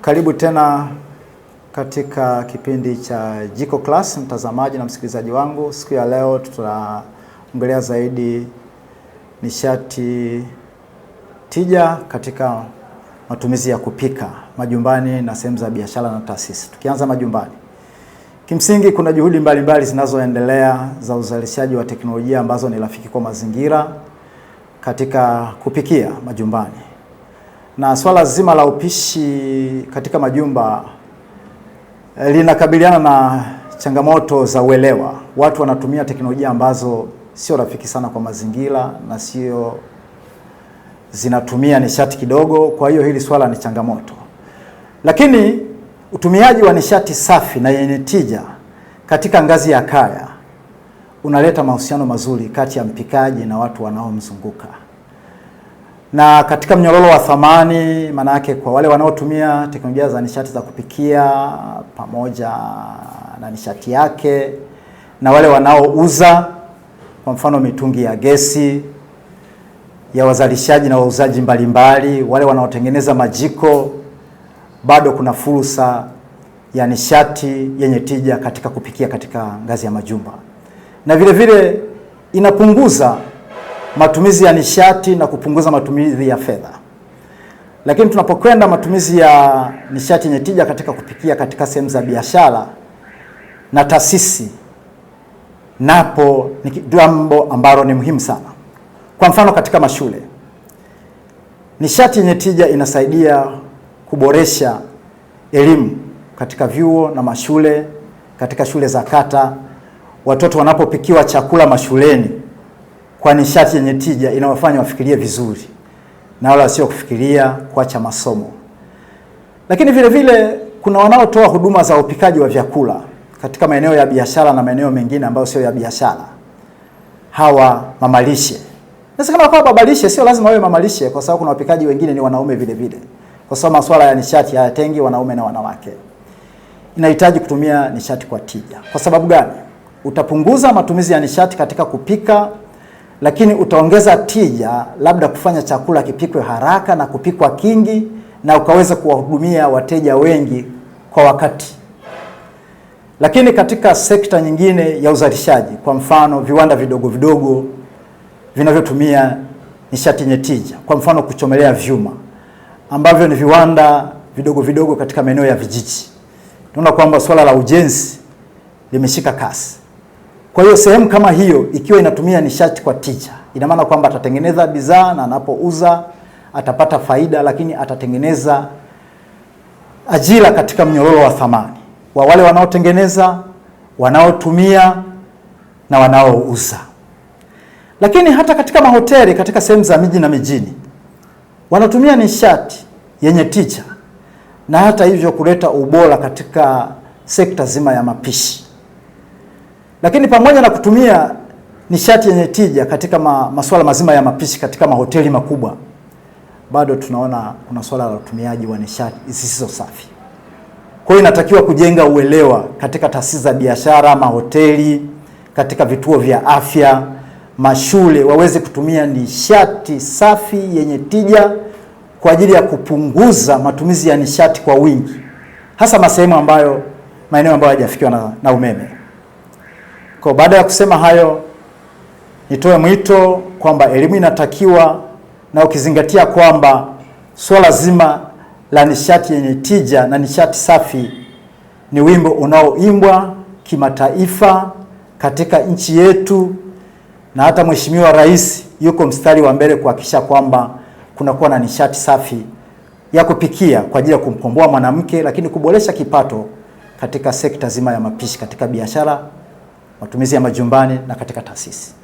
Karibu tena katika kipindi cha Jiko Class, mtazamaji na msikilizaji wangu. Siku ya leo tutaongelea zaidi nishati tija katika matumizi ya kupika majumbani na sehemu za biashara na taasisi. Tukianza majumbani, kimsingi kuna juhudi mbalimbali zinazoendelea za uzalishaji wa teknolojia ambazo ni rafiki kwa mazingira katika kupikia majumbani na swala zima la upishi katika majumba eh, linakabiliana na changamoto za uelewa. Watu wanatumia teknolojia ambazo sio rafiki sana kwa mazingira na sio zinatumia nishati kidogo. Kwa hiyo hili swala ni changamoto, lakini utumiaji wa nishati safi na yenye tija katika ngazi ya kaya unaleta mahusiano mazuri kati ya mpikaji na watu wanaomzunguka. Na katika mnyororo wa thamani, maana yake kwa wale wanaotumia teknolojia za nishati za kupikia pamoja na nishati yake na wale wanaouza, kwa mfano mitungi ya gesi ya wazalishaji na wauzaji mbalimbali, wale wanaotengeneza majiko, bado kuna fursa ya nishati yenye tija katika kupikia katika ngazi ya majumba, na vile vile inapunguza matumizi ya nishati na kupunguza matumizi ya fedha. Lakini tunapokwenda matumizi ya nishati yenye tija katika kupikia katika sehemu za biashara na taasisi, napo ni jambo ambalo ni muhimu sana. Kwa mfano, katika mashule, nishati yenye tija inasaidia kuboresha elimu katika vyuo na mashule, katika shule za kata, watoto wanapopikiwa chakula mashuleni kwa nishati yenye tija inayofanya wafikirie vizuri na wala sio kufikiria kuacha masomo. Lakini vile vile kuna wanaotoa huduma za upikaji wa vyakula katika maeneo ya biashara na maeneo mengine ambayo sio ya biashara. Hawa mamalishe kama wakawa babalishe, sio lazima wawe mamalishe, kwa sababu kuna wapikaji wengine ni wanaume vile vile, kwa sababu masuala ya nishati hayatengi wanaume na wanawake. Inahitaji kutumia nishati kwa tija. Kwa sababu gani? Utapunguza matumizi ya nishati katika kupika lakini utaongeza tija, labda kufanya chakula kipikwe haraka na kupikwa kingi, na ukaweza kuwahudumia wateja wengi kwa wakati. Lakini katika sekta nyingine ya uzalishaji, kwa mfano viwanda vidogo vidogo vinavyotumia nishati yenye tija, kwa mfano kuchomelea vyuma, ambavyo ni viwanda vidogo vidogo katika maeneo ya vijiji, tunaona kwamba swala la ujenzi limeshika kasi. Kwa hiyo sehemu kama hiyo ikiwa inatumia nishati kwa tija, ina maana kwamba atatengeneza bidhaa na anapouza atapata faida, lakini atatengeneza ajira katika mnyororo wa thamani wa wale wanaotengeneza, wanaotumia na wanaouza. Lakini hata katika mahoteli, katika sehemu za miji na mijini, wanatumia nishati yenye tija na hata hivyo kuleta ubora katika sekta zima ya mapishi. Lakini pamoja na kutumia nishati yenye tija katika ma, masuala mazima ya mapishi katika mahoteli makubwa, bado tunaona kuna swala la utumiaji wa nishati zisizo safi. Kwa hiyo inatakiwa kujenga uelewa katika taasisi za biashara, mahoteli, katika vituo vya afya, mashule, waweze kutumia nishati safi yenye tija kwa ajili ya kupunguza matumizi ya nishati kwa wingi, hasa masehemu ambayo maeneo ambayo hayajafikiwa na, na umeme. Kwa baada ya kusema hayo, nitoe mwito kwamba elimu inatakiwa na ukizingatia kwamba swala zima la nishati yenye tija na nishati safi ni wimbo unaoimbwa kimataifa katika nchi yetu, na hata Mheshimiwa Rais yuko mstari wa mbele kuhakikisha kwamba kunakuwa na nishati safi ya kupikia kwa ajili ya kumkomboa mwanamke, lakini kuboresha kipato katika sekta zima ya mapishi katika biashara matumizi ya majumbani na katika taasisi.